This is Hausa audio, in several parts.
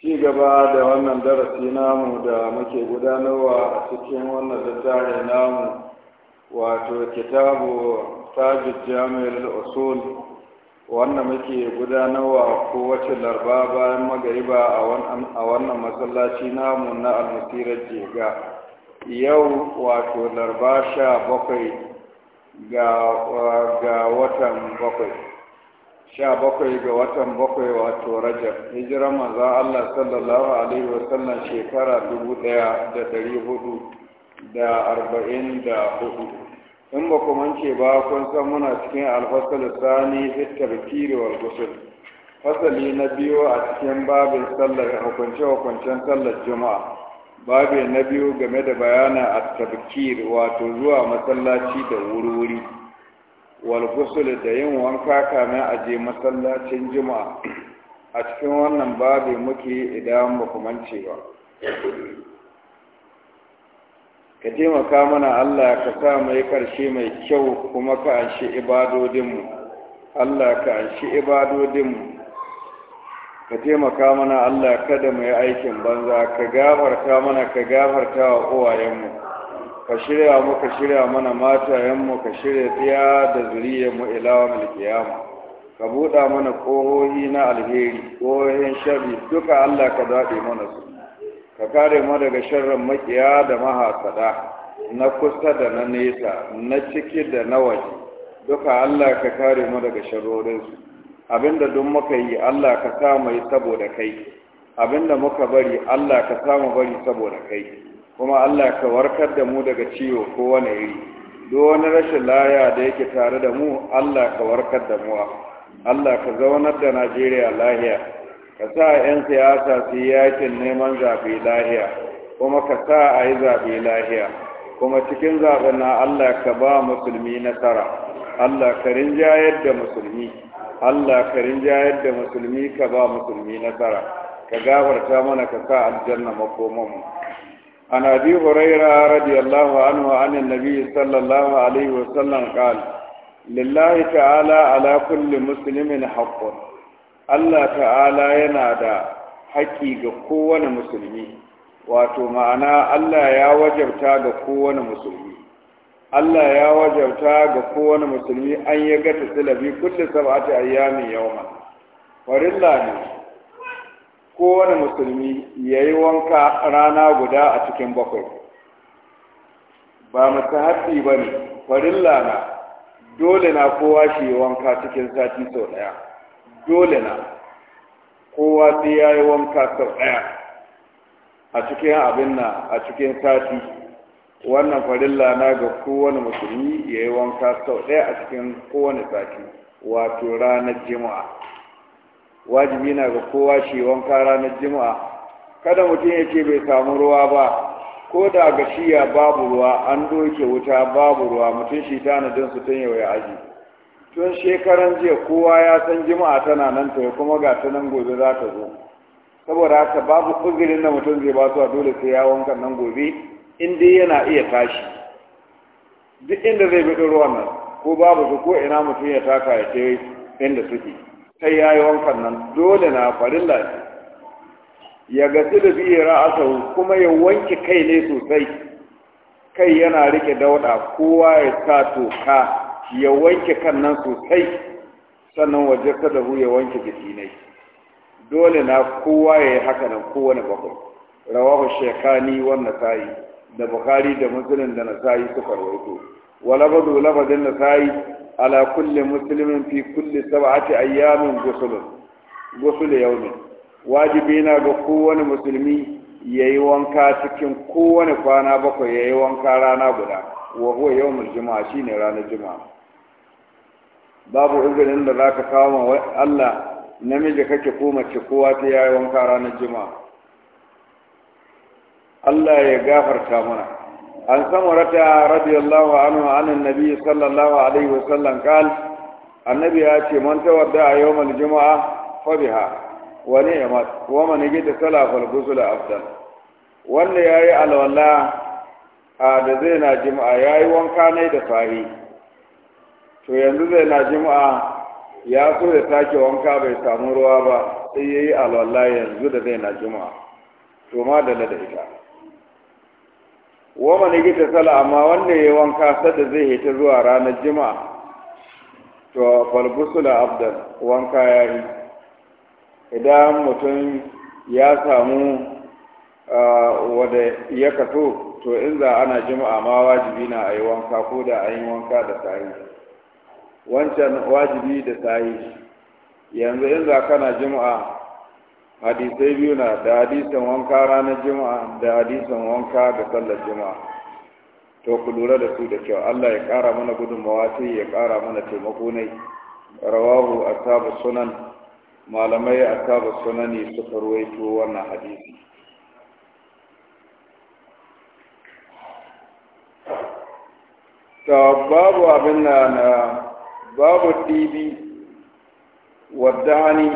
ci gaba da wannan darasi namu da muke gudanarwa a cikin wannan littafi namu wato kitabu tajid jami'ar usul wannan muke gudanarwa ko kowace larba bayan magariba a wannan masallaci namu na almasirar jega yau wato larba sha bakwai ga watan bakwai sha bakwai ga watan bakwai wato rajab hijiran maza allah sallallahu alaihi wasallam shekara dubu daya da dari hudu da arba'in da hudu in ba ku mance ba kun san muna cikin alfasal sani fi tarkiri wal gusul fasali na biyu a cikin babin sallar hukunce hukuncen sallar juma'a babi na biyu game da bayanin at-tabkir wato zuwa masallaci da wuri-wuri wal gusul da yin wanka kamin a je masallacin juma'a a cikin wannan babi muke idan ba ku mance ba ka taimaka mana Allah ka sa mai ƙarshe mai kyau kuma ka anshi ibadodinmu Allah ka anshi ibadodinmu ka taimaka mana Allah kada mu yi aikin banza ka gafarta mana ka gafarta wa uwayenmu ka shirya mu ka shirya mana matayenmu ka shirya tsaya da zuriyarmu ilawa mulkiyama ka buɗa mana ƙohohi na alheri ƙohohin shari duka Allah ka daɗe mana su ka kare mu daga sharrin makiya da mahasada na kusa da na nesa na ciki da na waje duka Allah ka kare mu daga sharrorinsu abinda duk muka yi Allah ka sa mu yi saboda kai abinda muka bari Allah ka sa mu bari saboda kai kuma Allah ka warkar da mu daga ciwo ko wani iri duk wani rashin laya da yake tare da mu Allah ka warkar da mu Allah ka zaunar da Najeriya lahiya ka sa 'yan siyasa su yi yakin neman zaɓe lahiya kuma ka sa a yi zaɓe lahiya kuma cikin zaɓe na Allah ka ba musulmi nasara Allah ka rinjayar da musulmi Allah ka rinjayar da musulmi ka ba musulmi nasara ka gafarta mana ka sa aljanna makomanmu عن أبي هريرة رضي الله عنه عن النبي صلى الله عليه وسلم قال لله تعالى على كل مسلم حق Allah ta'ala yana da haƙƙi ga kowane musulmi wato ma'ana Allah ya wajabta ga kowane musulmi Allah ya wajabta ga kowane musulmi an ya ga tasilabi kulle sab'ati ayyamin yawma farilla ne kowane musulmi yayi wanka rana guda a cikin bakwai ba ba bane farilla na dole na kowa shi wanka cikin sati sau daya dole na kowa sai ya yi wanka sau ɗaya a cikin abin na a cikin sati wannan farilla na ga kowane musulmi ya yi wanka sau ɗaya a cikin kowane sati wato ranar jima'a wajibi na ga kowa shi wanka ranar jima'a kada mutum ya ce bai samu ruwa ba ko da ga shiya babu ruwa an doke wuta babu ruwa mutum shi tanadin su tun yawai ya aji tun shekaran jiya kowa ya san jima'a tana nan ta kuma ga ta nan gobe za ta zo saboda haka babu uzurin da mutum zai ba su a dole sai ya wanka nan gobe in dai yana iya tashi duk inda zai bi ruwan nan ko babu su ko ina mutum ya taka ya ce inda suke sai ya yi wankan nan dole na lafi ya gasi da biye ra'asahu kuma ya wanke kai ne sosai kai yana rike dauɗa, kowa ya sa toka ya wanke kan nan sosai sannan waje da ya wanke jiki dole na kowa ya yi haka nan kowane bakwai rawahu shekani wannan sayi da bukari da musulun da nasayi suka rawaito walabadu labadin sayi ala kulle musulmin fi kulli ake ayyamin gusulun yau ne wajibi na ga kowane musulmi ya yi wanka cikin kowane kwana bakwai ya yi wanka rana guda wa huwa mulkima shi shine ranar juma'a babu izinin da za ka kawo wa Allah namiji kake ko mace kowa ta yayi wanka ranar juma'a Allah ya gafarta mana an samurata radiyallahu anhu anan nabi sallallahu alaihi wasallam qal annabi ya ce man tawadda a yawmal juma'a fa biha wa ni'mat wa man yajid salafal ghusl afdal wanda yayi alwala da zai na juma'a yayi wanka ne da sahi to yanzu zai na jima'a ya so ya sake wanka bai samu ruwa ba sai ya yi alwala yanzu da zai na jima'a to ma da na da ita wa mani gita sala amma wanda ya yi wanka sadda zai hita zuwa ranar jima'a to falbusula abdal wanka ya yi idan mutum ya samu wada ya kaso to in za ana jima'a ma wajibi na a yi wanka ko da a yi wanka da sahihi wancan wajibi da sayi yanzu in za kana juma'a hadisai biyu na da hadisan wanka ranar jima'a, da hadisan wanka da sallar juma'a to ku lura da su da kyau Allah ya kara mana gudunmawa sai ya kara mana taimako ne rawahu ashabu sunan malamai ashabu sunani suka ruwaito wannan hadisi ta babu abin na باب الديب والدعني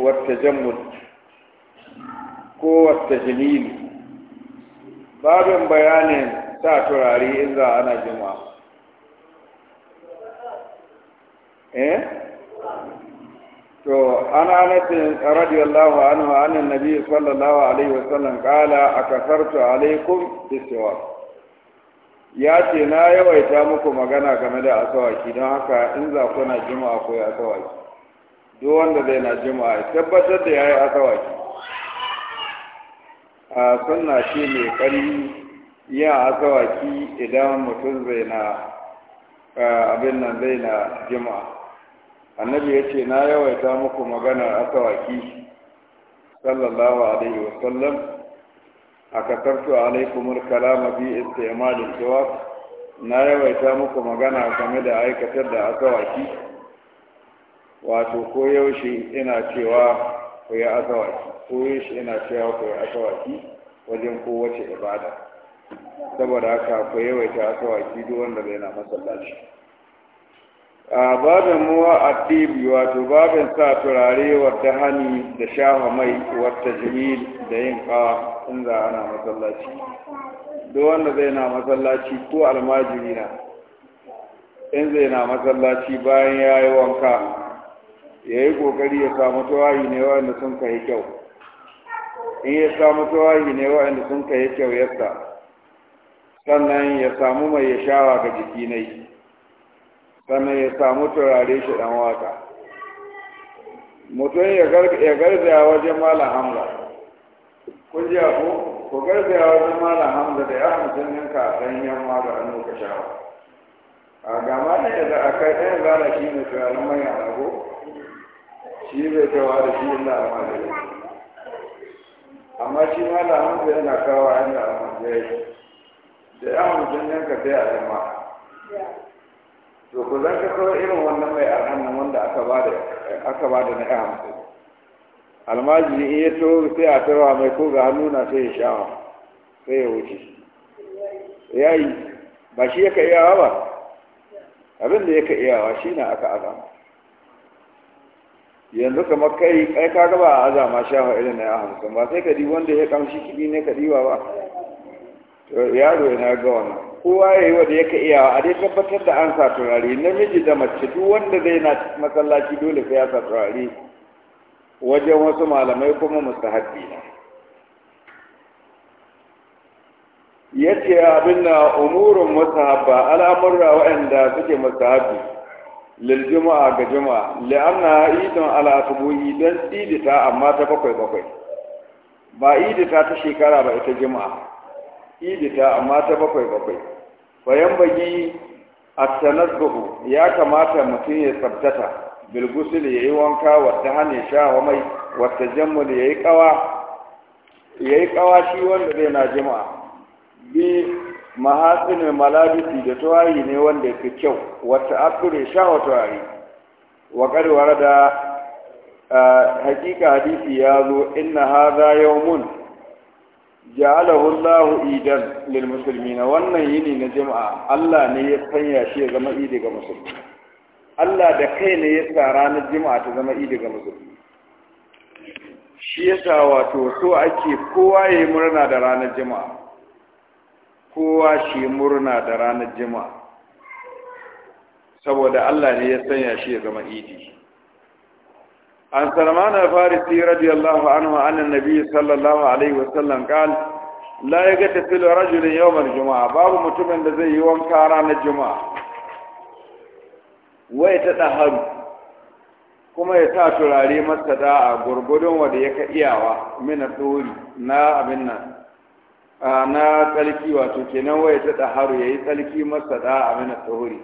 والتجمد قوة التجميل باب بيان ساتر علي إذا أنا جمعة إيه؟ تو أنا أنت رضي الله عنه عن النبي صلى الله عليه وسلم قال أكثرت عليكم بالسواق ya ce na yawaita muku magana game da asawaki don haka in za ku na jima'a ku ya asawaki duk wanda zai na jima'a tabbatar da ya yi asawaki a sunna ce mai kari yin asawaki idan mutum zai na abin nan zai na jima'a annabi ya ce na yawaita muku magana asawaki sallallahu alaihi wasallam a kasartu alaikumul kalam bi al siwak na yawaita muku magana game da aikatar da asawaki wato ko yaushe ina cewa ku yi asawaki ko yaushe ina cewa ku yi asawaki wajen kowace ibada saboda haka ku yawaita asawaki duk wanda bai na masallaci babin muwa a tibi wato babin sa turare wata hani da shafa mai wata jimil da yin kawa in za ana masallaci duk wanda zai na masallaci ko almajiri na in zai na masallaci bayan ya yi wanka ya yi kokari ya samu tawayi ne waɗanda sun yi kyau in ya samu tawayi ne waɗanda sun yi kyau yasta sannan ya samu mai ya shawa ga jiki na yi sannan ya samu turare shi dan waka mutum ya ya wajen malam hamza Ku ji ku ku ya wajen malam hamza da ya nan ka a ɗan yamma da an nuka shawa a gama da a kai ɗaya zana shi ne turaren mai alago shi zai kaiwa da shi inda da amma shi malam hamza yana kawo inda yi. da ya hamsin ninka bai a zama. to ku zan ka irin wannan mai arhan wanda aka ba da na ya hamsin almajiri in ya to sai a tarwa mai ko ga hannu na sai ya shawa sai ya wuce ya yi ba shi yaka iyawa ba abin da yaka iyawa shi na aka azama yanzu kamar kai kai ka gaba a azama shawa irin na ya hamsin ba sai ka di wanda ya kamshi kiɗi ne ka diwa ba yaro yana ga wannan kowa ya yi wa ya ka iya, a dai tabbatar da an sa turare namiji da mace duk wanda zai na masallaci dole sai ya sa turare wajen wasu malamai kuma na Ya ce abin na umurin umurun mustahabba al'amurra waɗanda suke mustahabbi lil juma'a ga juma'a li'anna idon ala subuhi dan idita amma ta bakwai bakwai ba idita ta shekara ba ita juma'a idita amma ta bakwai bakwai bayan bagi a tanazzuhu ya kamata mutum ya tsabtata bil ya yayi wanka wata hane sha wa mai wata jammul yayi kawa yayi kawa shi wanda zai na jima'a bi mahasin malabisi da tawayi ne wanda yake kyau wata akure sha wa tawayi wa karwar da hakika hadisi ya zo inna hadha yawmun ja'alahu Allahu idan lil muslimina wannan yini na jama'a Allah ne ya sanya shi ya zama idi ga musulmi Allah da kai ne ya sa ranar jama'a ta zama idi ga musulmi shi yasa wato so ake kowa ya yi murna da ranar jama'a kowa shi murna da ranar jama'a saboda Allah ne ya sanya shi ya zama idi عن سلمان الفارسي رضي الله عنه عن النبي صلى الله عليه وسلم قال لا يغتسل رجل يوم الجمعة باب da zai yi wanka rana juma'a wai ta daharu kuma ya sa turare masa da'a gurgudun wanda ya ka iyawa mina tsori na abin nan na tsarki wato kenan wai ta daharu yayi tsarki masa da'a mina tsori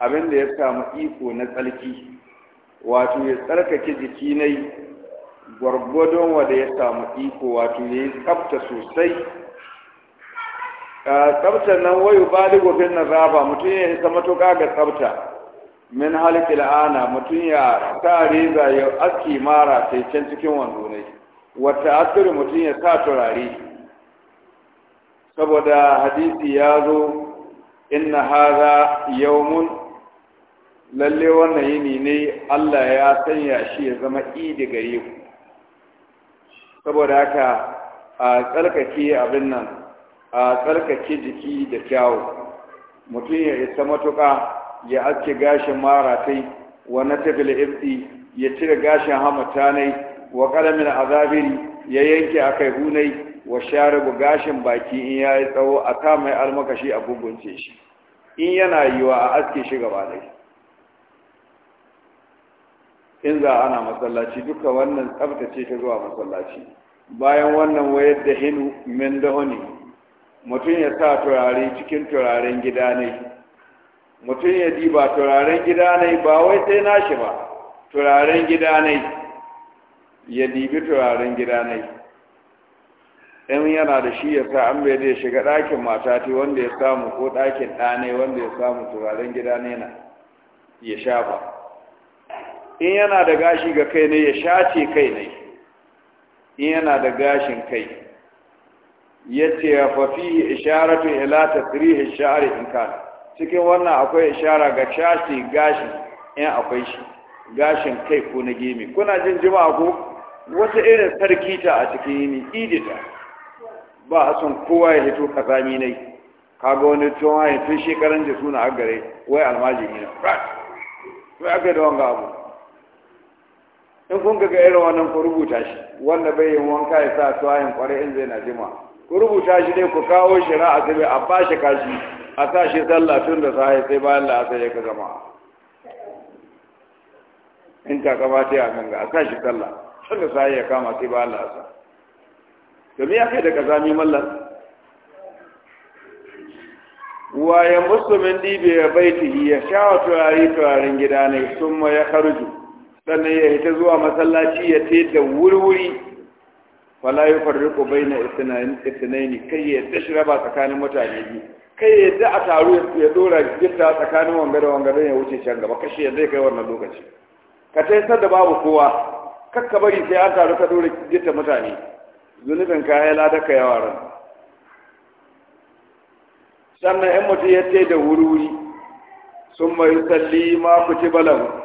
abin da ya samu iko na tsarki wato ya tsarkake jiki nai gwargwadon wanda ya samu iko wato ya yi tsafta sosai ah, tsaftar nan wayo ba da gobin na raba mutum ya isa matuƙa ga tsabta. min halikil ana mutum ya sa reza ya aski mara sai can cikin wando ne wata asiri mutum ya sa turare saboda hadisi ya zo inna haza yawmun lalle wannan yini ne Allah ya sanya shi ya zama idi gare ku saboda haka a tsarkake abin nan a tsarkake jiki da kyawu mutum ya isa matuƙa ya aske gashin maratai wa na tafil ibdi ya cire gashin hamata wa ƙaramin azabiri ya yanke a kai hunai wa sharibu gashin baki in ya yi tsawo a kamai almakashi a bugunce shi in yana yiwa a aske shi gaba dai in za ana masallaci duka wannan tsabtace ta zuwa masallaci bayan wannan wayar da hinu min dahoni mutum ya sa turare cikin turaren gida ne mutum ya diba turaren gida ne ba wai sai nashi ba turaren gida ne ya dibi turaren gida ne in yana da shi ya sa an bai da ya shiga ɗakin mata ta wanda ya samu ko ɗakin ɗa wanda ya samu turaren gida ne na ya shafa in yana da gashi ga kai ne ya shace kai ne in yana da gashin kai ya ce ya fafi isharatu ila tasrihi sha'ri in kana cikin wannan akwai ishara ga shace gashin in akwai shi gashin kai ko na gemi kuna jin jima ko wata irin sarkita a cikin yini idita ba a son kowa ya hito kazami ne kaga wani tsohon ya tun shekaran da suna agare wai almajiri na wai aka yi da wanga abu in kun ga irin wannan ku rubuta shi wanda bai yin wanka ya sa tuwayin kwarai in zai na jima ku rubuta shi dai ku kawo shi na asibi a ba shi kashi a sa shi sallah tun da sahi sai bayan la'asar ya ka gama in ta kamata ya ganga a sa shi sallah tun da sahi ya kama sai bayan la'asar domin ya kai da kazami mallan waye musulmin dibe ya baiti ya sha turare turaren gida ne sun ma ya karju sannan ya ita zuwa masallaci ya ce da wurwuri wala ya farriku bai na isinaini kai ya yadda shi raba tsakanin mutane biyu kai ya yadda a taru ya dora gifta tsakanin wanga da wanga don ya wuce can gaba kashi yadda ya kai wannan lokaci ka ta taisar da babu kowa kakka bari sai an taru ka dora gifta mutane zunubin ka ya lada ka yawa ran sannan yan mutum ya te da wurwuri sun mai salli ma ku ci balan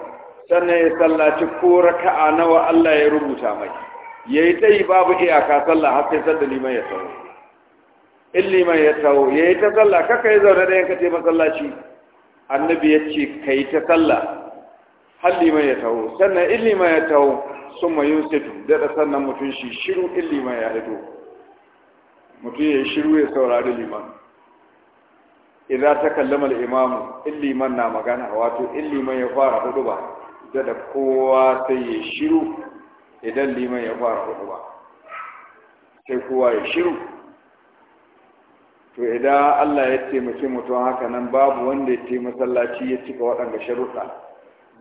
sannan ya sallaci ko raka'a nawa Allah ya rubuta mai yayi yi babu iyaka sallah har sai sanda liman ya tsawo in liman ya tsawo yayi ta sallah kaka yi zaune da yanka ce masallaci annabi ya ce kai ta sallah har liman ya tsawo sannan in liman ya tsawo sun ma yusufu daɗa sannan mutum shi shiru in liman ya hito mutum ya shiru ya saurari liman idan ta kallama al'imamu in liman na magana wato in liman ya fara huduba ba da da kowa sai ya shiru idan liman ya fara ba, sai kowa ya shiru to idan Allah ya taimake mutum haka nan babu wanda ya ce masallaci ya cika waɗanda sharuɗa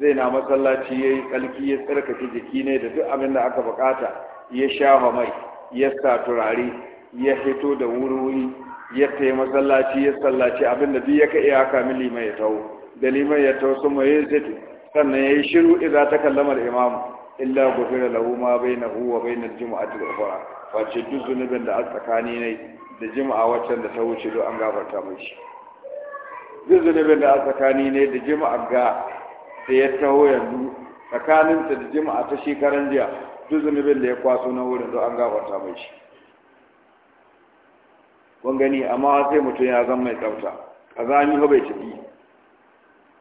zai na masallaci ya yi tsarki ya tsarkake jiki ne da duk abin da aka bukata ya shafa mai ya sa turare ya hito da wuri ya taimaka masallaci ya sallaci abin da duk ya ka iya haka mai liman ya taho da liman ya taho sun mai ya zai sannan ya yi shiru idan ta kallama da imam illa gufira lahu ma bai na huwa bai na jima'a ta gafara face duk zunubin da a tsakani ne da jima'a waccan da ta wuce duk an gafarta mai shi duk zunubin da a tsakani ne da jima'a ga da ya taho yanzu tsakaninta da jima'a ta shekaran jiya duk zunubin da ya kwaso na wurin duk an gafarta mai shi kun gani amma sai mutum ya zama mai tsafta kazani ho bai tafi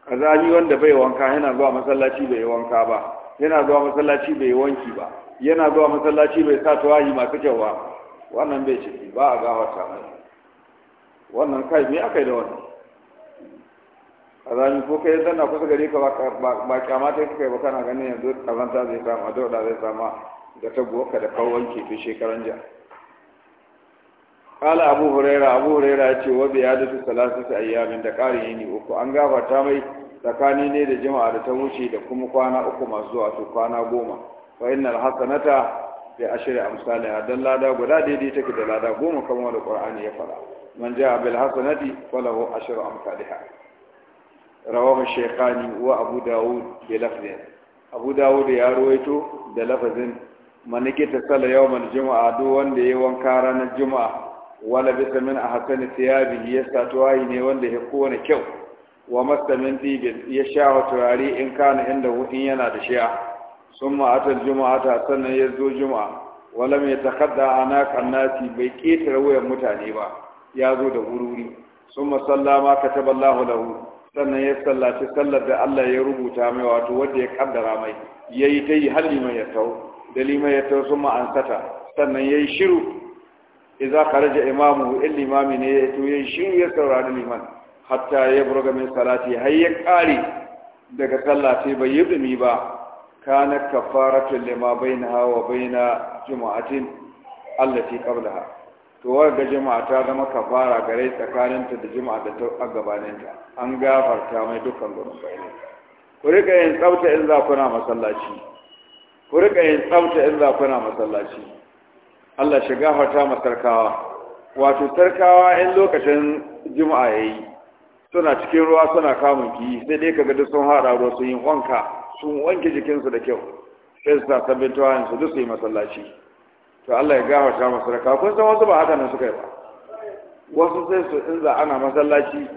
kazali wanda bai wanka yana zuwa masallaci bai wanka ba yana zuwa masallaci bai wanki ba yana zuwa masallaci bai sa tawahi masu kyau ba wannan bai ciki ba a ga wata wannan kai me aka yi da wannan kazali ko kai zanna kusa gare ka ba kyamata kai ba kana ganin yanzu kazanta zai samu addu'a zai samu da tabuwarka da kawanki tun shekaran jiya kala abu huraira abu huraira ya ce wabi ya dafi salasata ayyamin da ƙarin yini uku an gafarta mai tsakani ne da jima'a da ta wuce da kuma kwana uku masu zuwa su kwana goma wa innal hasanata bi ashri amsalha dan lada guda daidai take da lada goma kamar da qur'ani ya fara man jaa bil hasanati falahu ashru amsalha rawahu shaykhani wa abu daud bi lafzin abu daud ya ruwaito da lafazin man nikita sala yawmal jumu'a duk wanda yayi wanka ranar juma'a wala bitamin a hasani tiyabi ya sa tuwayi ne wanda ya kowane kyau wa masamin min ya sha wa turare in kana inda hutun yana da shi'a sun ma'atar juma'a sannan ya zo juma'a wala mai takadda a na kannati bai ƙetare wuyan mutane ba ya zo da wuri sun masallama ka taɓa lahu sannan ya sallaci sallar da Allah ya rubuta mai wato wanda ya kaddara mai ya yi ta yi har mai ya tau da ya tau sun ma'ansata sannan ya yi shiru iza kharaja imamu in limami ne ya to yin shi ya saurari liman hatta ya buruga min salati har ya kare daga sallah sai bai yi ba kana kafaratul lima bainaha wa baina jumu'atin allati qablaha to ga jama'a ta zama kafara gare tsakaninta da jama'a da ta gabaninta an gafarta mai dukkan gurin bayanin ku rika yin tsafta in za kuna masallaci ku rika yin tsafta in za kuna masallaci Allah shi gafarta ma sarkawa wato sarkawa in lokacin juma'a yayi suna cikin ruwa suna kamun ki sai dai kaga duk sun hada ruwa sun yi wanka sun wanke jikinsu da kyau sai su sa sabbin tawayen su duk su yi masallaci to Allah ya gafarta ma sarkawa kun san wasu ba haka nan suka yi ba wasu sai su in za ana masallaci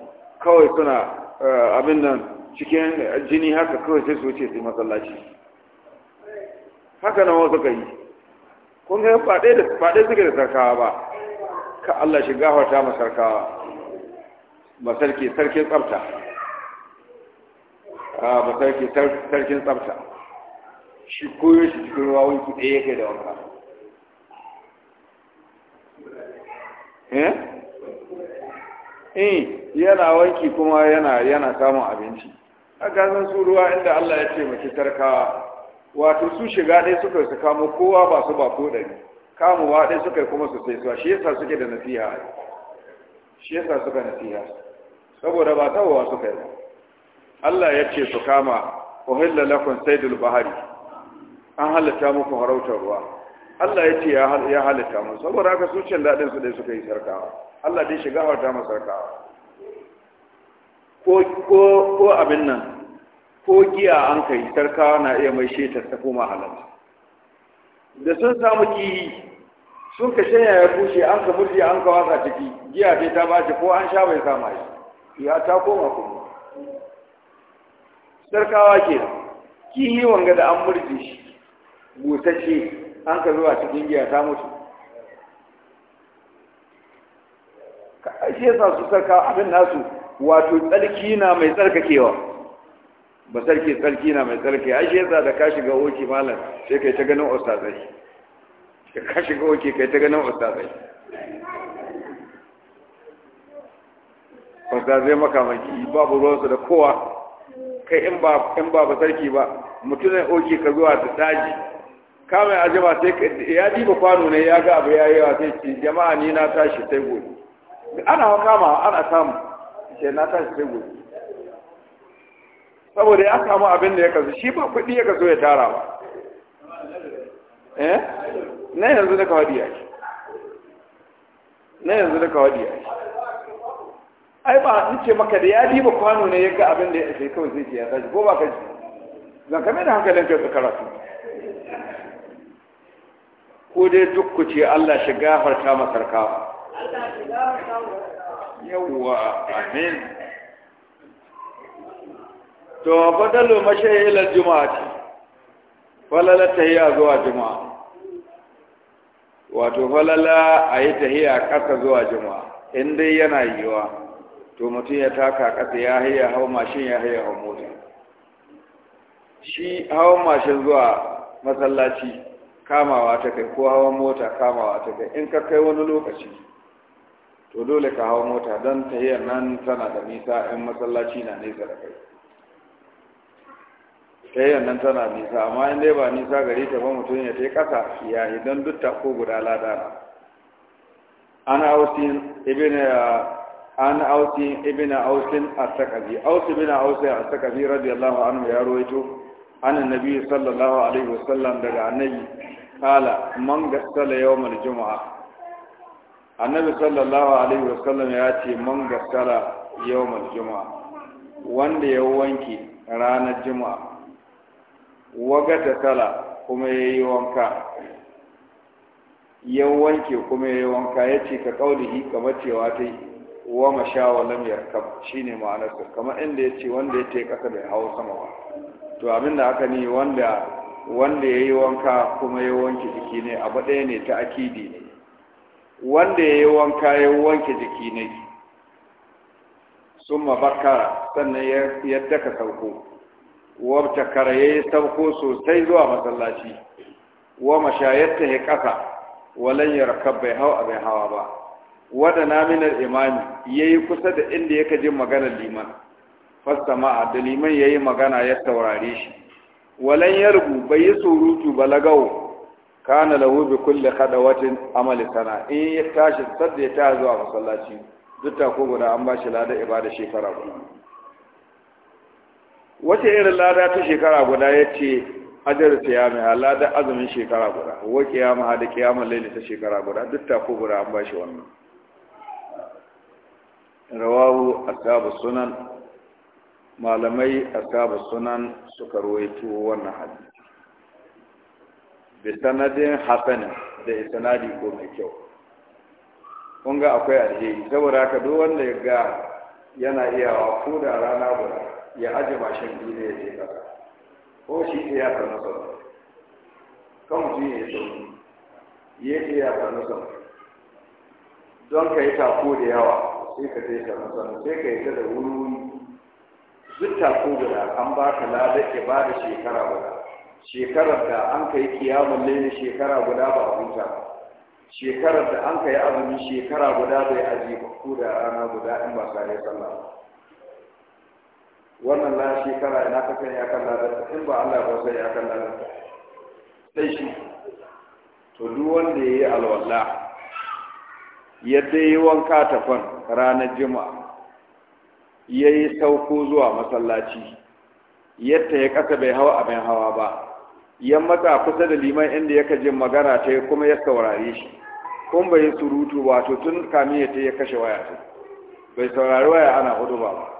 kawai suna eh, abin nan cikin jini haka kawai sai su wuce su yi masallaci haka nan wasu ka yi kun ga ba ɗaya da ba ɗaya suke da sarkawa ba ka Allah shi gafarta ma sarkawa ba sarki sarkin tsafta a ba sarki sarkin tsafta shi koyo shi cikin ruwa wanki ɗaya kai da wanka eh eh yana wanki kuma yana yana samun abinci a gazan su ruwa inda Allah ya ce maki sarkawa wato su shiga ɗaya suka su kamo kowa ba su ba ko ɗari kamowa ɗaya suka kuma su sai suwa shi yasa suke da nasiha shi yasa suka nasiha saboda ba ta wa suka yi Allah ya ce su kama uhilla lakum saydul bahari an halatta muku harautar ruwa Allah ya ce ya halatta mu saboda haka su cin daɗin su ɗaya suka yi sarkawa Allah dai shiga harta mu sarkawa ko ko abin nan ko giya an kai tarkawa na iya mai shetar ta koma halal da sun samu kihi sun ka shanya ya bushe an ka murji an ka wasa ciki giya ce ta bace ko an sha bai kama shi ya ta koma kuma sarkawa ke kihi wanga da an murji shi busasshe an ka zuwa cikin giya ta mutu ka ashe sa su sarkawa abin nasu wato tsarki na mai tsarkakewa ba sarki sarki na mai sarki. ai yasa da ka shiga oki malam sai kai ta ganin ustazai ka shiga oki kai ta ganin ustazai ustazai makamaki babu su da kowa kai in ba in ba ba sarki ba mutumin oki ka zuwa taji ka mai ajima sai ya diba kwano ne ya ga abu ya wa sai ce jama'a ni na tashi sai gobe ana kama ana samu sai na tashi sai gobe saboda ya samu abin da ya kasu shi ba kuɗi ya kaso ya tara ba eh na yanzu da kawadi ya ce na yanzu da kawadi ya ce ai ba in ce maka da ya diba kwano ne ya ga abin da ya kai, kawai zai ce ya tashi ko ba kai? zan kame da hankalin kai karatu ko dai duk ku ce Allah shi farka masarkawa yawwa amin to badalu mashayi ila juma'ati falala tahiya zuwa juma'a wato falala a yi tahiya ƙasa zuwa juma'a in dai yana yiwa to mutum ya taka ƙasa ya haya hau mashin ya haya hawa mota shi hawan mashin zuwa masallaci kamawa ta kai ko hawan mota kamawa ta kai in ka kai wani lokaci to dole ka hawa mota don tahiyar nan tana da nisa in masallaci na nesa da kai ta yi nan tana nisa amma in dai ba nisa gari ta ba mutum ya ta yi ƙasa ya idan duk ta ko guda lada an ausin ibn an ausin ibn ausin as-sakafi aus ibn ausin as-sakafi radiyallahu anhu ya rawaito an annabi sallallahu alaihi wasallam daga annabi kala man gassala yawmal jumu'a annabi sallallahu alaihi wasallam ya ce man gassala yawmal jumu'a wanda ya wanke ranar juma'a waga ta tala kuma ya yi wanka ya wanke kuma ya yi wanka ya ce ka kaulihi kamar cewa ta yi wa mashawa lam yarkab shine ma'anarsa kamar inda ya ce wanda ya ce kasa bai hawo sama ba to abin da aka ne wanda wanda ya yi wanka kuma ya wanke jiki ne abu ɗaya ne ta akidi ne wanda ya yi wanka ya wanke jiki ne sun mabakara sannan ya daka sauko wabta karaye sauko sosai zuwa masallaci wa mashayatta ya ƙasa walan ya bai hau abin hawa ba wada naminar imani ya yi kusa da inda ya jin maganar liman fastama'a da liman ya yi magana ya saurare shi walan ya bai yi surutu balagau Kana kana lahu bi kulli khadawatin amali sana in ya tashi sadda ya ta zuwa masallaci duk ta ko guda an ba shi lada ibada shekara guda wace irin lada ta shekara guda ya ce ajar a lada azumin shekara guda wa kiyamaha da kiyamar laili ta shekara guda duk ta ko guda an ba shi wannan rawahu ashabu sunan malamai ashabu sunan suka rawaito wannan hadisi bi sanadin hasani da Nadi ko mai kyau kun ga akwai alheri saboda haka duk wanda ya ga yana iyawa ko da rana guda ya aje mashin biyu ya je kaka ko shi ke ya karnu sau kan mutum ya sauri ya ce ya karnu sau don ka yi tako da yawa sai ka je karnu sau sai ka yi ta da wuri duk tako guda an ba ka ba da shekara guda shekarar da an kai kiyamun laili shekara guda ba a huta shekarar da an kai azumi shekara guda bai aji ko da rana guda in ba sare sallah wannan na shekara ina ka ya kan ladarsa in ba Allah ba ya kan ladarsa sai shi to duk wanda ya alwala yadda ya yi wanka tafan ranar juma'a ya sauko zuwa masallaci yadda ya kasa bai hawa abin hawa ba Yan mata kusa da liman inda yaka jin magana ta kuma ya saurare shi kun bai surutu wato tun kamin ya kashe waya bai saurari waya ana hudu ba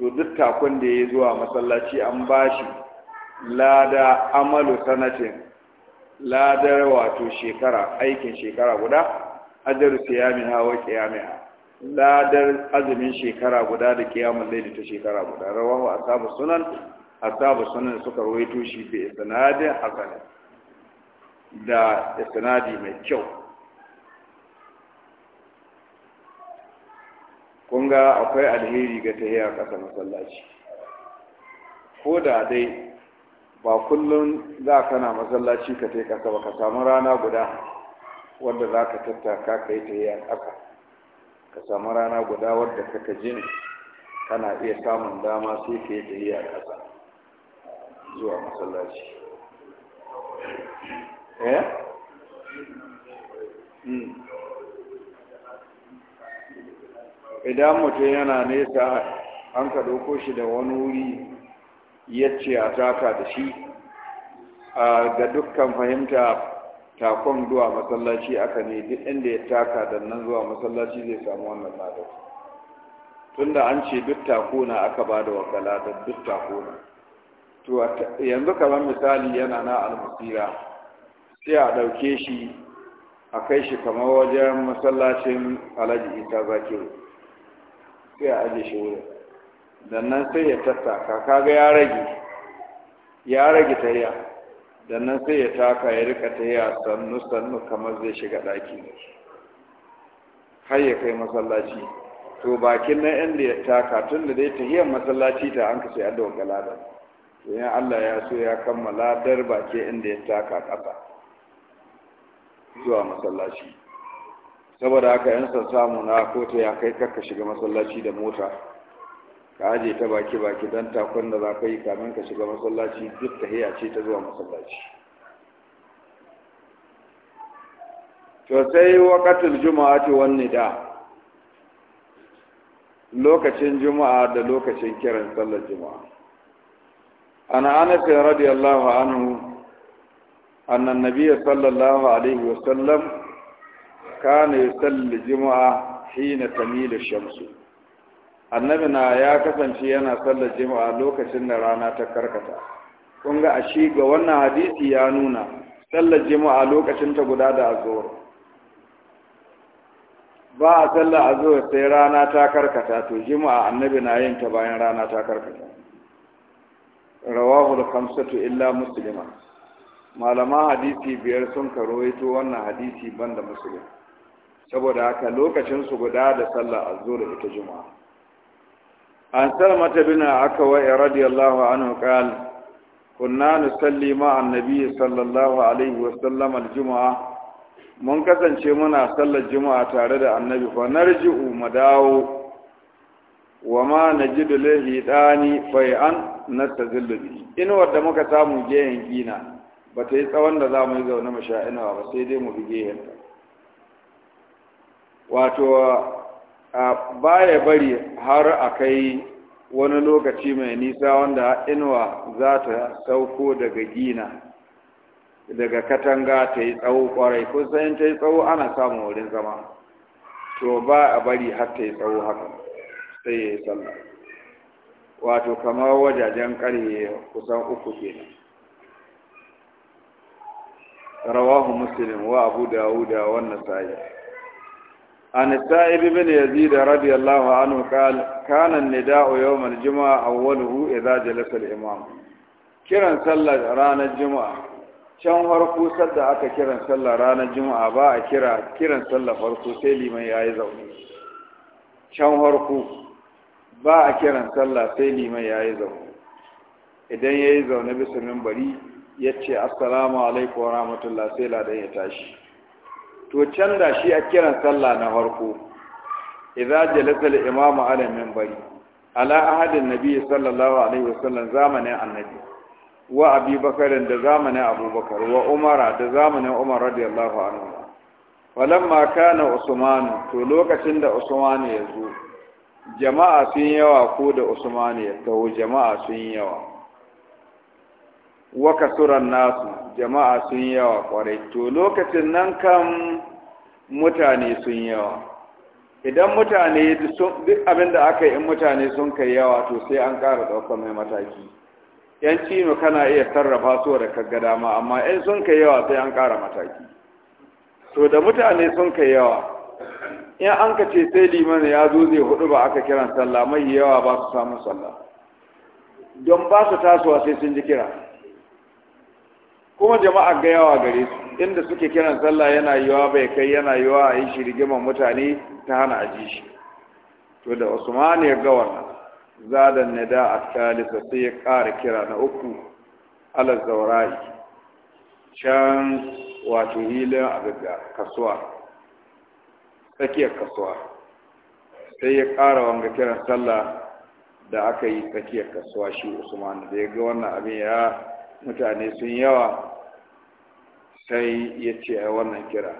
to duk takon da ya zuwa masallaci an ba shi lada amalu sanatin ladar wato shekara aikin shekara guda ajar siyami hawa kiyamiha ladar azumin shekara guda da kiyamun laili ta shekara guda rawahu asabu sunan asabu sunan suka ruwaito shi bi isnadin hasan da isnadi mai kyau kun ga akwai alheri ga ta yi a ƙasa masallaci ko da dai ba kullum za ka na masallaci ka ta yi ƙasa ba ka samu rana guda wanda za ka tattaka ka yi ta yi a ƙasa ka samu rana guda wadda kaka jini kana iya samun dama sai ka yi ta yi a ƙasa zuwa masallaci eh? hmm. idan mutum yana nesa an ka ɗauko shi da wani wuri ce a taka da shi ga dukkan fahimta takon zuwa masallaci aka ne duk inda ya taka da nan zuwa masallaci zai samu wannan tun tunda an ce duk tako aka ba da wakala da duk tako to yanzu kamar misali yana na almusira sai a ɗauke shi a kai shi kamar wajen masallacin alhaji isa zakiru sai a aje shi wurin dannan sai ya tattaka kaga ya rage ya rage tahiya dannan sai ya taka ya rika tahiya sannu sannu kamar zai shiga daki ne har ya kai masallaci to bakin yan da ya taka tun da dai tahiyar masallaci ta an kace an da galada to yan Allah ya so ya kammala dar bake inda ya taka ƙasa zuwa masallaci saboda haka yan san samu na kota ya kai kakka shiga masallaci da mota ka aje ta baki baki don takon da za ka yi kamin ka shiga masallaci duk hiya ce ta zuwa masallaci to sai wakatul juma'a ce wani da lokacin juma'a da lokacin kiran sallar juma'a ana anas radiyallahu anhu annan nabiyyi sallallahu alaihi wasallam kana yusalli juma'a hina tamilu shamsu annabi na ya kasance yana sallar juma'a lokacin da rana ta karkata kun ga ashi ga wannan hadisi ya nuna sallar juma'a lokacin ta guda da azhar ba a sallar azhar sai rana ta karkata to juma'a annabi na yin ta bayan rana ta karkata rawahu al-khamsatu illa muslima malama hadisi biyar sun to wannan hadisi banda musulun saboda haka lokacin su guda da sallah azhur ita juma'a an bina aka wa radiyallahu anhu qala kunna nusalli ma النبي sallallahu alaihi wasallam وسلم mun kasance muna sallar juma'a tare da annabi fa narji'u madawo wa ma najidu lahi dani bai'an nastazillu bi in wanda muka samu gehen gina ba ta yi tsawon da za mu yi zaune mu sha ba sai dai mu bi gehen wato baya bari har a kai wani lokaci mai nisa wanda inuwa za ta sauko daga gina daga katanga ta yi tsawo kwarai ko sayan ta yi tsawo ana samun wurin zama to ba a bari har ta yi tsawo haka sai ya yi sallah wato kamar wajajen karye kusan uku kenan rawahu muslim wa abu dawuda wannan sa'i عن سائب بن يزيد رضي الله عنه قال كان النداء يوم الجمعة أوله إذا جلس الإمام kiran sallar ranar juma'a can farko sadda aka kiran sallar ranar juma'a ba a kira kiran sallar farko sai liman ya yi zaune can farko ba a kiran sallar sai liman ya yi zaune idan ya yi zaune bisa mimbari ya ce assalamu alaikum wa rahmatullah sai ladan ya tashi to can da shi a kiran sallah na farko idza jalasa al-imam ala minbari ala ahadin nabi sallallahu alaihi wasallam zamanin annabi wa abi bakarin da zamanin abubakar wa umara da zamanin umar radiyallahu anhu falamma kana usman to lokacin da usman ya zo jama'a sun yawa ko da usman ya taho jama'a sun yawa wa kasuran nasu jama'a sun yawa kwarai to lokacin nan kan mutane sun yawa idan mutane duk abin da aka yi in mutane sun kai yawa to sai an ƙara ɗaukar mai mataki yan cino kana iya sarrafa su da kaga dama amma in sun kai yawa sai an ƙara mataki to da mutane sun kai yawa in an ka ce sai liman ya zo zai hudu ba aka kiran sallah mai yawa ba su samu sallah don ba su tasowa sai sun ji kira kuma jama'a ga yawa gare su inda suke kiran sallah yana yiwa bai kai yana yiwa a yi shi mutane ta hana aji shi to da usman ya ga wannan zadan nida a talisa sai ya ƙara kira na uku ala Zaurari. can wato hilin agaga kasuwa tsakiyar kasuwa sai ya ƙara wanga kiran sallah da aka yi tsakiyar kasuwa shi usman da ya ga wannan abin ya mutane sun yawa yi ya ce a wannan kira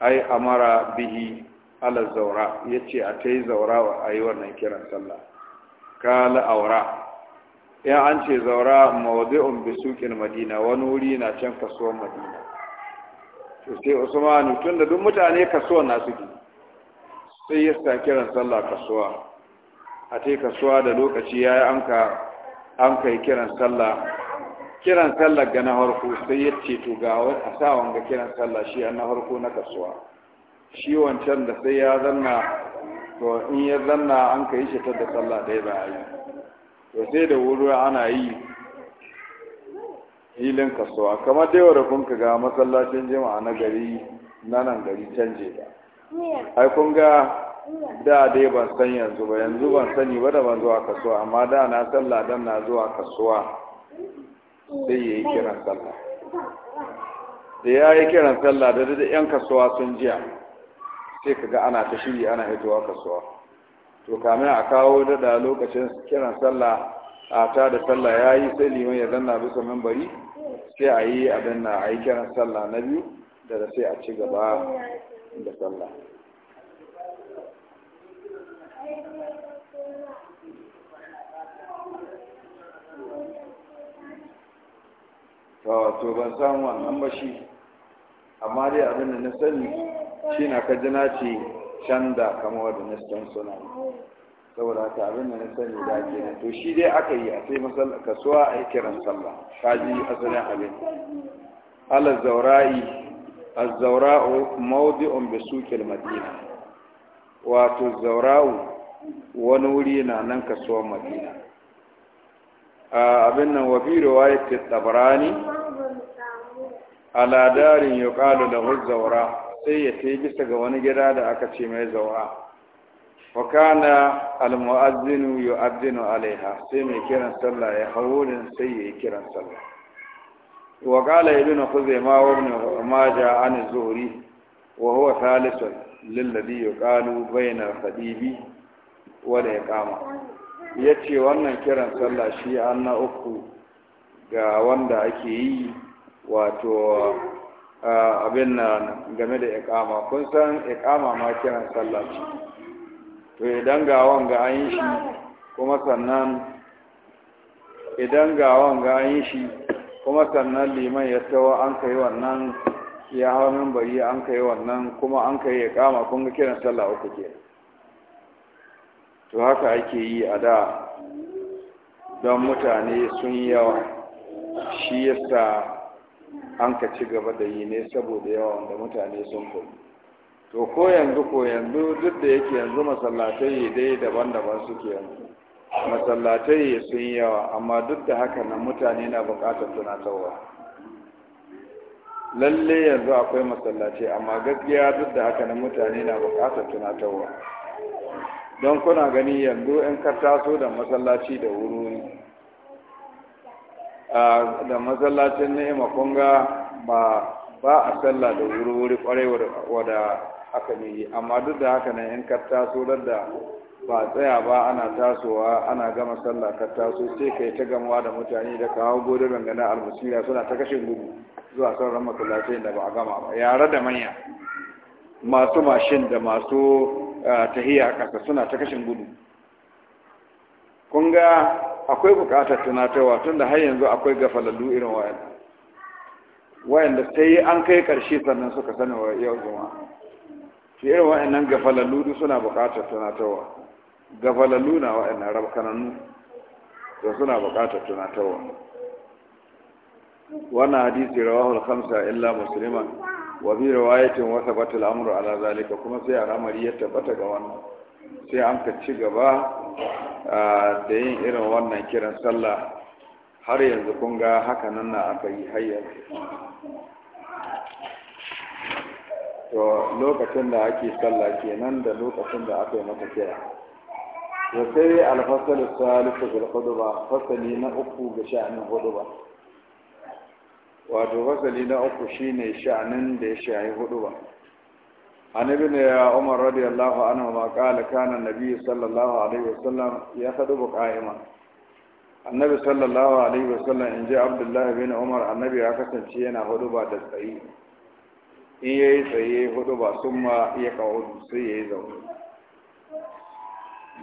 ai amara bihi ala zaura ya ce a ta yi zaura a yi wannan kiran sallah kala la'aura. ya an ce zaura mawadi'un bi sukin madina wani wuri na can kasuwan madina to sai usmanu tunda duk mutane kasuwa na suke sai ya sa kiran sallah kasuwa a ta kasuwa da lokaci ya yi an ka kiran sallah kiran sallar ga na harko sai ya ce to ga a sa wanga kiran sallah shi na harko na kasuwa shi wancan da sai ya zanna to in ya zanna an ka yi shi ta da sallah ɗaya ba a yi to sai da wuri ana yi hilin kasuwa kamar dai wadda kun ga masallacin jima'a na gari na nan gari canje ba ai kun ga da dai ban san yanzu ba yanzu ban sani ba da ban zuwa kasuwa amma da na sallah dan na zuwa kasuwa sai ya yi kiran sallah da ya yi kiran sallah da da yan kasuwa sun jiya sai ka ga ana ta shiri ana hitowa kasuwa to kamin a kawo dada lokacin kiran sallah a ta da sallah ya yi sai liman ya zanna bisa membari sai a yi abin na a yi kiran sallah na biyu da da sai a ci gaba da sallah to ban san wannan ba shi amma dai abin da na sani shi na kajina ce da kama wadda na san suna saboda ta abin da na sani da ake nan to shi dai aka yi a sai kasuwa a yi kiran sallah kaji asalin abin ala zaura'i azzaura'u mawdi'un bi suqil madina wato zaura'u wani wuri na nan kasuwar madina abin nan wa fi riwayat tabarani ala darin yuqalu da huzzaura sai ya ta bisa ga wani gida da aka ce mai zaura Wakana kana almu'azzinu yu'azzinu alaiha sai mai kiran sallah ya hawo sai ya kiran sallah wa qala ibnu khuzaimah wa ibnu majah an zuhri wa huwa thalithun lilladhi yuqalu bayna al-khadibi al-iqama ya ce wannan kiran sallah shi an na uku ga wanda ake yi wato abin na game da ikama kun san ikama ma kiran sallah ce to idan ga wanga an yi shi kuma sannan idan ga wanga an yi shi kuma sannan liman ya tawa an kai wannan ya hau bari an kai wannan kuma an kai ikama kun ga kiran sallah uku kenan to haka ake yi a da don mutane sun yawa shi yasa an ka ci gaba da yi ne saboda yawan da mutane sun kuma to ko yanzu ko yanzu duk da yake yanzu masallatai dai daban-daban suke yanzu masallatai sun yawa amma duk da haka na mutane na bukatar tunatarwa lalle yanzu akwai masallatai amma gaskiya duk da haka na mutane na bukatar tunatarwa don kuna gani yanzu in ka taso da masallaci da wuri da masallacin ni'ima kun ba a sallah da wuri wuri kwarai aka yi amma duk da haka na, in ka taso da ba tsaya ba ana tasowa ana gama sallah ka taso sai kai ta gamawa da mutane da kawo godon dangana almusira suna ta kashe gudu zuwa sauran masallacin da ba a gama ba yare da manya masu mashin da masu tahiya a suna ta kashin gudu kunga akwai buƙatar tunatarwa tun da har yanzu akwai gafalallu irin wayan wayanda sai an kai ƙarshe sannan suka sani wa yau zuma shi irin nan gafalallu duk suna buƙatar tunatarwa gafalallu na wayannan rabkanannu da suna buƙatar tunatarwa wannan hadisi rawahul al-khamsa illa musliman wa bi riwayatin wa sabata al-amru ala zalika kuma sai al'amari ya tabbata ga wannan sai an ka ci gaba da yin irin wannan kiran sallah har yanzu kun ga haka nan na aka yi har to lokacin da ake sallah kenan da lokacin da aka yi mata kira wa sai alfasal salisu bil khudba fasali na uku ga sha'anin khudba wato fasali na uku shine sha'anin da ya shahi hudu ba an ibn umar radiyallahu anhu ma qala kana nabi sallallahu alaihi wasallam ya hadu qa'ima annabi sallallahu alaihi wasallam in ji abdullahi bin umar annabi ya kasance yana hudu ba da tsayi in yayi tsaye hudu ba sun ma ya kawo sai yayi zaune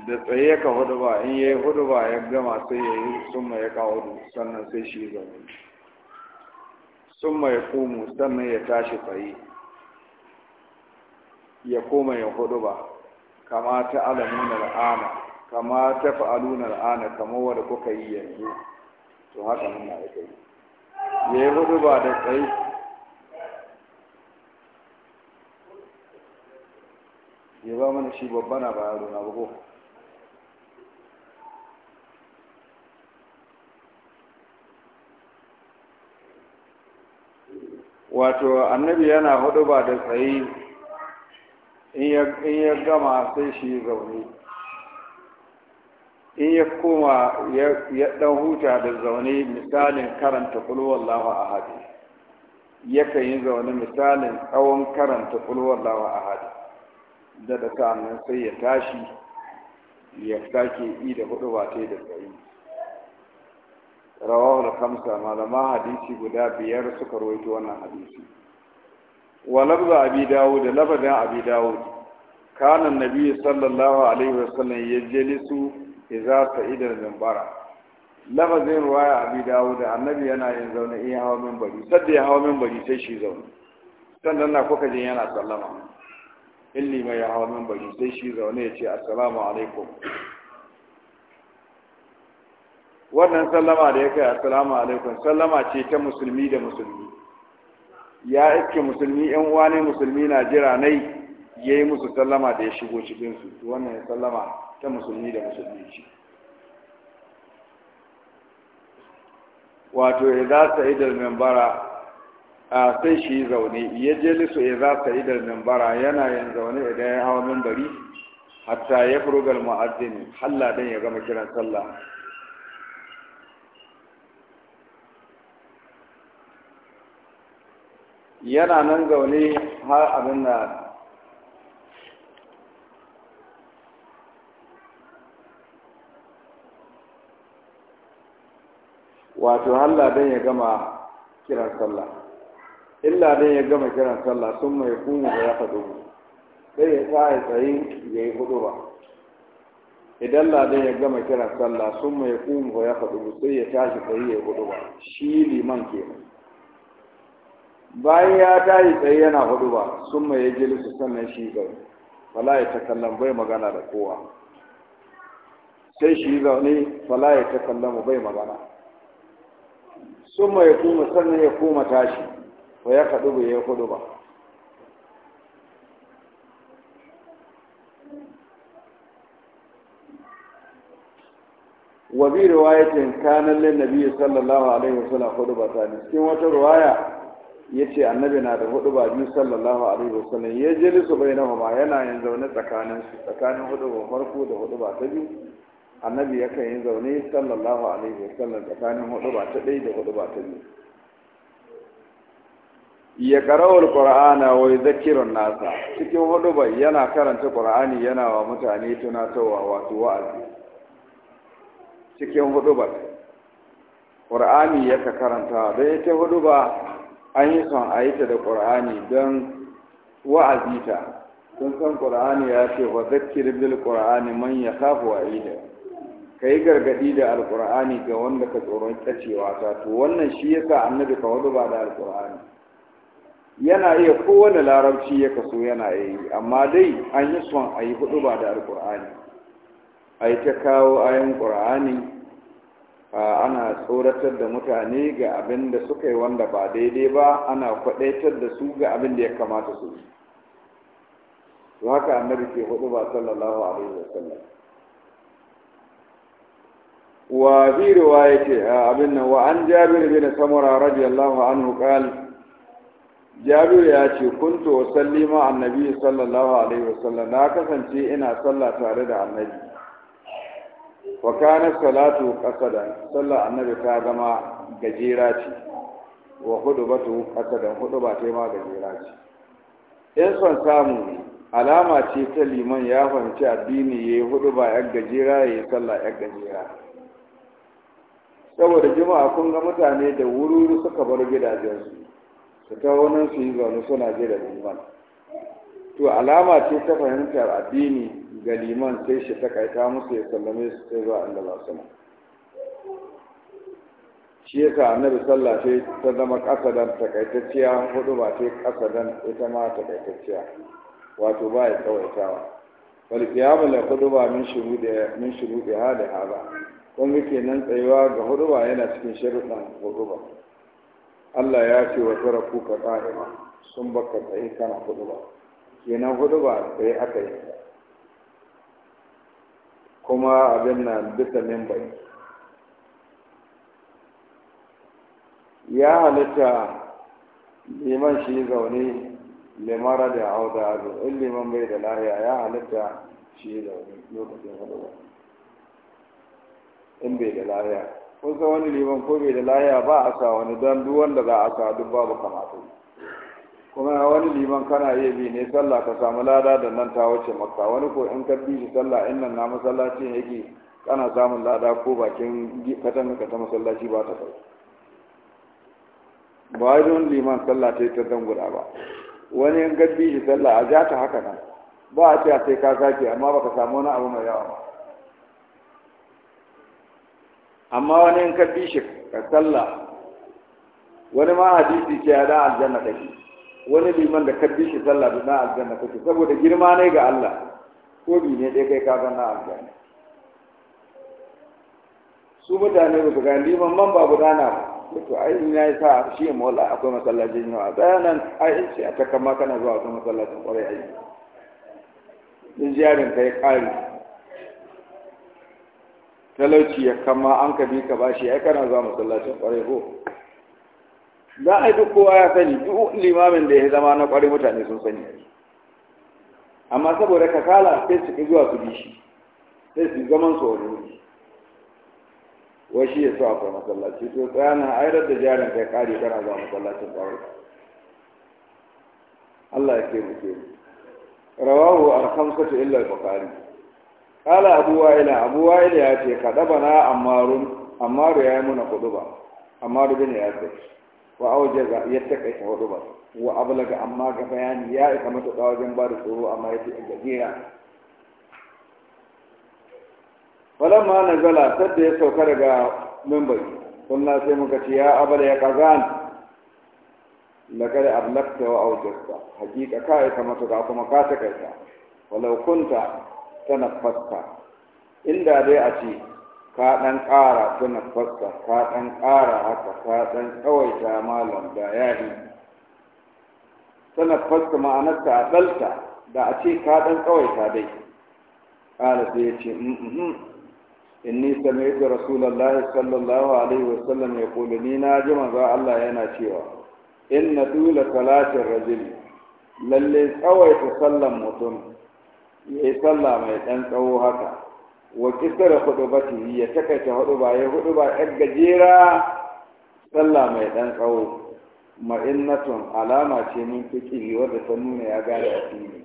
da tsaye ka hudu ba in yayi hudu ba ya gama sai yayi sun ma ya kawo sannan sai shi zaune sun ya komu sannan ya tashi tsaye ya koma ya hudu ba kama ta alamunar al'ana kama ta fa'alunar al'ana kama wadda kuka yi yanzu to haka muna da kai ya yi hudu ba da tsaye ya ba mana shi babba na ba yaro na bugu wato annabi yana hudu ba da tsaye in ya gama sai shi zaune in ya koma ya dan huta da zaune misalin karanta kulwallahu a hadi yakan yi zaune misalin tsawon karanta kulwallahu a hadi da da sa'annan sai ya tashi ya sake yi da hudu ba ta da tsaye rawahul khamsa malama hadisi guda biyar suka rawaito wannan hadisi wa labza abi dawud labada abi dawud kana annabi sallallahu alaihi wasallam yajlisu idza sa'ida al-minbara lafazin ruwaya abi dawud annabi yana yin zaune in hawa minbari sadda ya hawa minbari sai shi zaune sannan na kuka jin yana sallama illi mai ya hawa minbari sai shi zaune ya ce assalamu alaikum wannan sallama da ya kai assalamu alaikum sallama ce ta musulmi da musulmi ya iske musulmi yan uwa ne musulmi na jira nai ya yi musu sallama da ya shigo cikinsu wannan sallama ta musulmi da musulmi ce wato ya za ta idar membara a sai shi zaune ya je lisu ya za ta idar membara yana yin zaune idan ya hawa membari hatta ya furugar ma'azzini halla dan ya gama kiran sallah yana nan zaune har abin da wato halla don ya gama kiran sallah illa don ya gama kiran sallah sun mai kunu da ya faɗo sai ya sa ya ya yi hudu ba idan Dan ya gama kiran sallah sun mai kunu da ya faɗo sai ya tashi tsayi ya yi hudu ba shi liman kenan bayan ya tayi tsaye yana hudu ba sun mai yaji su sannan shi ga fala ya kallon bai magana da kowa sai shi zaune fala ya mu bai magana sun mai ya kuma sannan ya kuma tashi ba ya kaɗu ba ya hudu ba wabi riwayatin kanan lin nabi sallallahu alaihi wasallam hudu ba ta cikin wata riwaya ya ce annabi na da hudu ba biyu sallallahu alaihi wasallam ya jeli su bai na ma yana yin zaune tsakanin su tsakanin hudu ba farko da hudu ba ta biyu annabi ya kan yi zaune sallallahu alaihi wasallam tsakanin hudu ba ta ɗaya da hudu ba ta biyu ya karawar qur'ana wa yadhkirun nasa cikin hudu ba yana karanta qur'ani yana wa mutane tunatarwa wato wa'azi cikin hudu ba qur'ani yaka karanta don ita hudu ba an yi son a yi ta da ƙur'ani don wa'azi ta sun san ƙur'ani ya ce wa zakkir bil ƙur'ani man ya kafu wa ka yi gargaɗi da alƙur'ani ga wanda ka tsoron kyacewa ta to wannan shi ya sa annabi ka wadu ba da alƙur'ani yana iya kowane larabci ya kaso yana iya yi amma dai an yi son a yi hudu ba da alƙur'ani a yi ta kawo ayan ƙur'ani ana tsoratar da mutane ga abin da suka yi wanda ba daidai ba ana kwadaitar da su ga abin da ya kamata su yi haka annabi ke hudu ba sallallahu alaihi sallam wa bi riwayati abin nan wa an jabir bin samura radiyallahu anhu qala jabir ya ce kuntu usalli ma annabi sallallahu alaihi sallam na kasance ina sallah tare da annabi wa kana salatu qasada sallar annabi ta zama gajera ce wa hudubatu qasada huduba ta ma gajera ce in son samu alama ce ta liman ya fahimci addini yayi huduba yan gajera yi sallah yan gajera saboda juma'a kun ga mutane da wuri suka bar gidajensu su ta wani su yi zaune suna jira liman to alama ce ta fahimtar addini Galiman sai shi takaita musu ya sallame su sai zuwa Allah ba sama shi yasa annabi sallah sai ta zama kasadan takaitacciya hudu ba sai kasadan ita ma takaitacciya wato ba ya tsawaitawa bal qiyamu la huduba min shuruudi min shuruudi hada hada kun ga kenan tsayuwa ga huduba yana cikin sharuɗan huduba Allah ya ce wa taraku ka qa'ima sun baka tsaye kana huduba kenan huduba sai aka yi kuma abin na bisa mimbai ya halitta liman shi zaune limara da auda azu in liman bai da lahiya ya halitta shi zaune lokacin hudu in bai da lahiya kusa wani liman ko bai da lahiya ba a sa wani don duwanda za a sa duk babu kamata kuma wani liman kana iya bi ne sallah ka samu lada da nan ta wuce makka wani ko in ka bi shi sallah in nan na masallaci yake kana samun lada ko bakin katan ka ta masallaci ba ta kai ba don liman sallah ta yi ta guda ba wani in ka bi shi sallah a ja ta haka nan ba a cewa sai ka sake amma baka samu wani abu mai yawa ba amma wani in ka bi shi ka sallah wani ma hadisi ce ya da aljanna kake wani liman da kaddi shi sallah da na aljanna kake saboda girma ne ga Allah ko bi ne dai kai ka ga na aljanna su mutane ba su ga liman man ba gudana ba to ai in ya sa shi mola akwai masallacin yau a tsayanan ai in ce a ta kama kana zuwa akwai masallacin kwarai ai din jarin kai kari talauci ya kama an ka bi ka bashi ai kana zuwa masallacin kwarai ko a yi duk kowa ya sani duk limamin da ya zama na kwarai mutane sun sani amma saboda kasala sai su ki zuwa su bi shi sai su zaman su wani wuri wai shi ya so akwai masallaci to na ayyar da jarin kai kare kana zuwa masallacin kawai Allah ya taimake muke rawahu al-khamsatu illa al-bukhari qala abu wa'il abu wa'il ya ce kadabana ammarun ammaru ya yi muna kuduba ammaru bin yasir wa aujaza ya takaita hudu ba wa ablaga amma ga bayani ya isa matuƙa wajen ba da tsoro amma ya ce a gajera falamma na zala sadda ya sauka daga mimbari sunna sai muka ce ya abala ya kazan lakar ablakta wa aujasta hakika ka isa matuƙa kuma ka takaita walau kunta tana fasta inda dai a ce ka ɗan ƙara tuna fasta ka ɗan ƙara haka ka ɗan ta malam da yari. tuna fasta ma'anarta a ɗalta da a ce ka ɗan ta dai ƙara sai ya ce inni sami'tu rasulullahi sallallahu alaihi wasallam ya kula ni na ji manzo Allah yana cewa In na tula salatin rajuli lalle kawai ta sallan mutum ya yi sallah mai ɗan tsawo haka wa kisara hudu ba ya takaita hudu ba ya hudu ba yar gajera sallah mai dan tsawo ma'innatun alama ce min fiƙi wadda ta nuna ya gane addini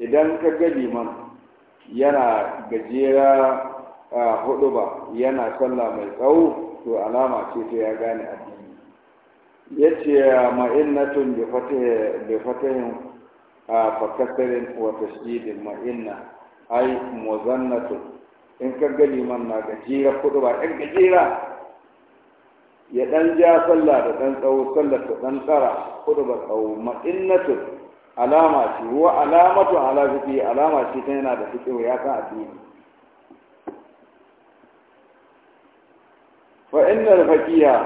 idan ka ga liman yana gajera a hudu ba yana sallah mai tsawo to alama ce ta ya gane addini ya ce ma'innatun bi fatahin a fakasarin wa tashdidin ma'inna ai muzannatu in ka gani man na gajira kudu ba ɗan gajira ya ɗan ja sallah da ɗan tsawo sallar ta ɗan tsara kudu ba tsawo ma'innatu alama ce wa alamatu ala fiƙi alama ce ta yana da fiƙi ya ka addini fa innal faqiha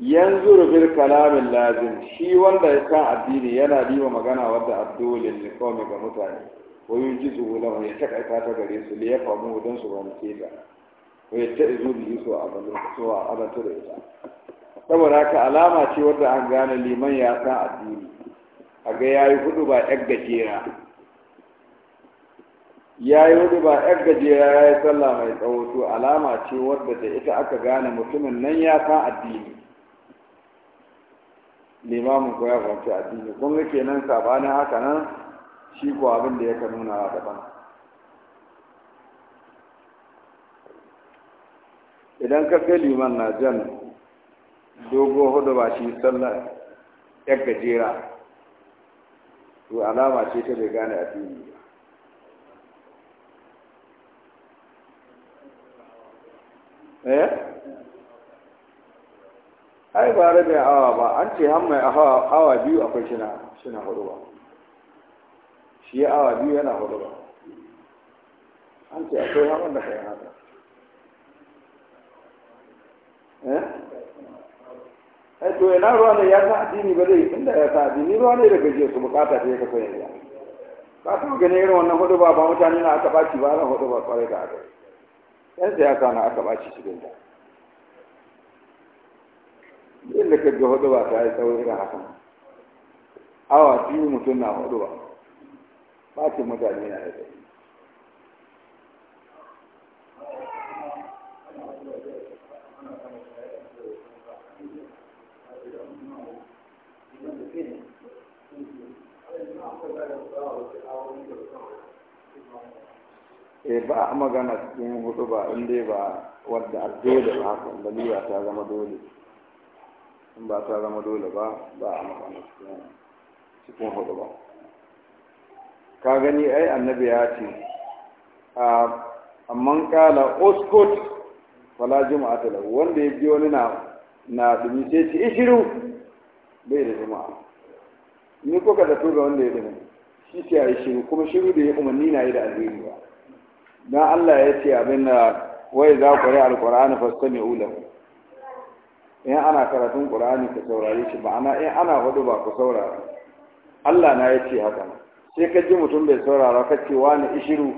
yanzu rufin kalamin lazim shi wanda ya ka addini yana diba magana wadda Abdul ne kome ga mutane wa yujizu wani ya takaita ta gare su li yafamu don su rantse ta wa yatta'izu bihi su su abalu da ita saboda haka alama ce wadda an gane liman ya san addini a ga ya yi hudu ba yar gajera yi hudu ba yar gajera yi sallah mai tsawo to alama ce wadda da ita aka gane mutumin nan ya san addini limamin ko ya fahimci addini kun ga kenan sabanin haka nan shi ko abin da yake nuna wa daban idan ka kai liman na jan dogo hudu ba shi sallar yar gajera to alama ce ta bai gane addini ba eh ai ba da awa ba an ce han mai awa biyu akwai shina shina hudu ba shi ya awa biyu yana hudu ba an ce akwai ma wanda kai haka eh, eh to yana ruwa ne ya sa addini ba zai tunda ya sa addini ruwa ne daga jiya su bukata ta yaka koyar ya ba su gane irin wannan hudu ba ba mutane na aka baci ba ran hudu ba kwarai da aka yan siyasa na aka baci cikin da inda ka ga hudu ba ta yi tsawon irin haka awa biyu mutum na hudu ba bacin mutane na da e eh, ba a magana cikin hudu ba inda ba wadda a dole ba haka lalura ta zama dole in ba ta zama dole ba ba a magana cikin hudu ba ka gani ai annabi ya ce amma kala uskut fala ta lahu wanda ya bi wani na na dumi sai ce ishiru bai da juma'a ni ko ka zato ga wanda ya dumi shi ce ai shiru kuma shiru da ya umarni na yi da alheri ba dan Allah ya ce abin da wai za ku rai alqur'ani fastami'u lahu in ana karatun qur'ani ka saurare shi ma'ana in ana hudu ba ku saurara Allah na ya ce haka sai ka ji mutum bai saurara ka ce wani ishiru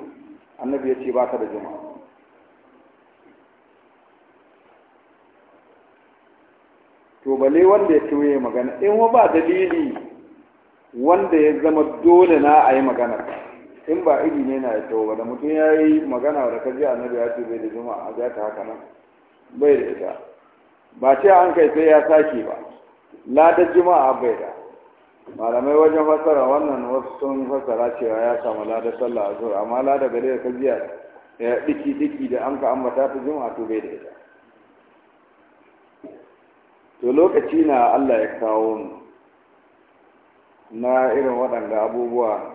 annabi ya ce ba ka da jima to bale wanda ya tuye magana in wa ba dalili wanda ya zama dole na a yi magana in ba iri ne na yato tawo ba da mutum ya yi magana da ka ji annabi ya ce bai da jima a ta haka nan bai da ita ba ce an kai sai ya sake ba ladar jima'a bai da malamai wajen fasara wannan wasu sun fasara cewa ya samu lada sallah zuwa, amma lada gare ka jiya ya diki diki da an ka ambata ta juma'a to bai da ita to lokaci na Allah ya kawo mu na irin waɗanda abubuwa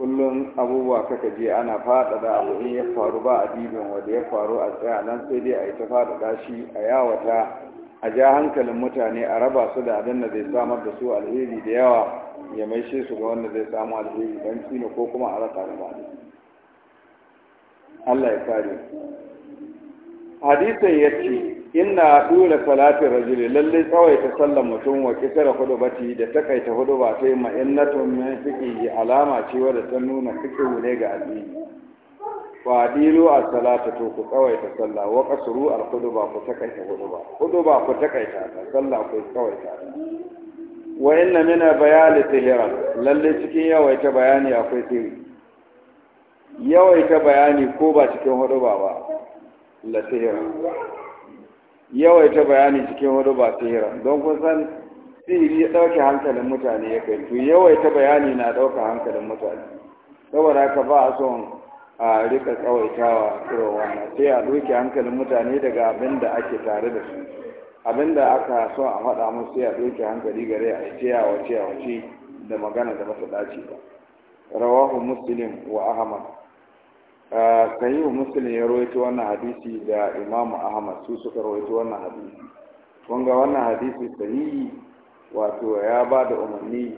kullum abubuwa kaka je ana faɗaɗa abu in ya faru ba a dibin wanda ya faru a tsaya nan sai dai a yi ta fada shi a yawata a ja hankalin mutane a raba su da abin da zai samar da su alheri da yawa ya maishe su ga wanda zai samu alheri don shine ko kuma a rasa da Allah ya kare hadisin ya ce inna dole salatin rajuli lallai ta sallan mutum wa kisar hudubati da takaita huduba sai ma'innatun min alama ce wadda ta nuna fiqhu ne ga addini fadilu a salata to ku kawaita sallah wa kasuru al khudba ku takaita khudba khudba ku takaita sallah ku tsawaita ta wa inna min bayani tihran lalle cikin yawaita bayani akwai sirri yawaita bayani ko ba cikin khudba ba la tihran yawaita bayani cikin khudba tihran don kun san sirri ya dauke hankalin mutane ya kai to yawaita bayani na dauka hankalin mutane saboda haka ba a son a rika tsawaitawa irin na? sai a doke hankalin mutane daga abin da ake tare da su abin da aka so a faɗa musu sai a doke hankali gare a ce a wace a wace da magana da masa dace ba rawahu muslim wa ahmad sahihu muslim ya rawaito wannan hadisi da imam ahmad su suka rawaito wannan hadisi kun ga wannan hadisi sahihi wato ya ba da umarni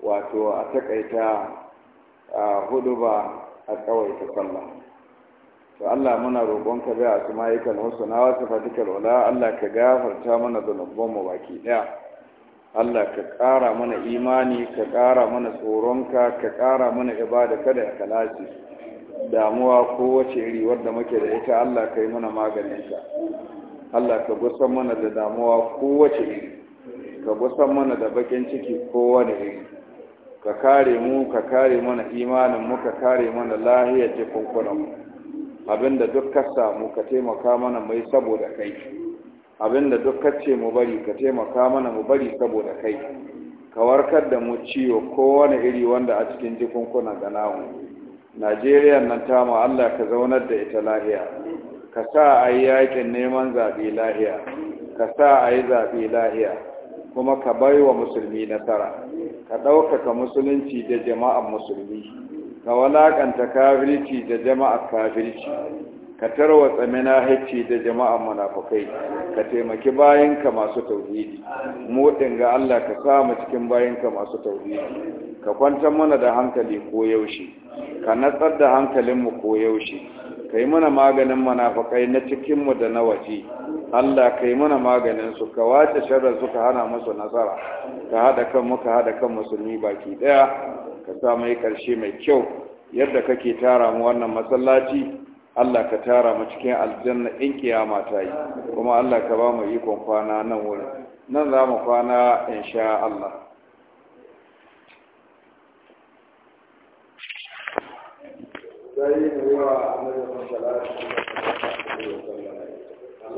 wato a takaita hudu ba a kawai ta sallah to Allah muna ka bai a na wasu na wasu fatikar wala Allah ka gafarta mana mu baki ɗaya Allah ka ƙara mana imani ka ƙara mana tsoronka ka ƙara mana ibada kada ya kalaci damuwa ko wace iri wadda muke da ita Allah ka yi mana maganinka. Allah ka gusan mana da damuwa ko wace iri ka gusan mana da bakin ciki ko wani iri ka kare mu ka kare mana imanin mu ka kare mana lahiyar jikunkunan mu abinda duk ka samu ka taimaka mana mai saboda kai abinda duk ka ce mu bari ka taimaka mana mu bari saboda kai ka warkar da mu ciwo kowane iri wanda a cikin jikunkunan ga namu najeriya nan tamu allah ka zaunar da ita lahiya ka sa a yi yakin neman zaɓe lahiya ka sa a yi zaɓe lahiya kuma ka bai wa musulmi nasara ka ɗaukaka musulunci da jama'ar musulmi ka walaƙanta kafirci da jama'ar kafirci ka tarwa tsamina minahici da jama'ar munafukai ka taimaki bayanka masu tauhidi mu ga Allah ka samu cikin bayanka masu tauhidi ka kwantar mana da hankali ko yaushe ka natsar da mu ko yaushe ka yi mana maganin manafakai na cikinmu da na waje Allah ka yi mana maganin su ka wace sharar su ka hana musu nasara ka haɗa kan ka haɗa kan musulmi baki ɗaya ka sa mai ƙarshe mai kyau yadda kake tara mu wannan masallaci Allah ka tara mu cikin aljanna in kiyama ta yi kuma Allah ka ba mu ikon kwana nan wurin nan za mu kwana sha Allah sai ne wa a cikin alaihi wasallam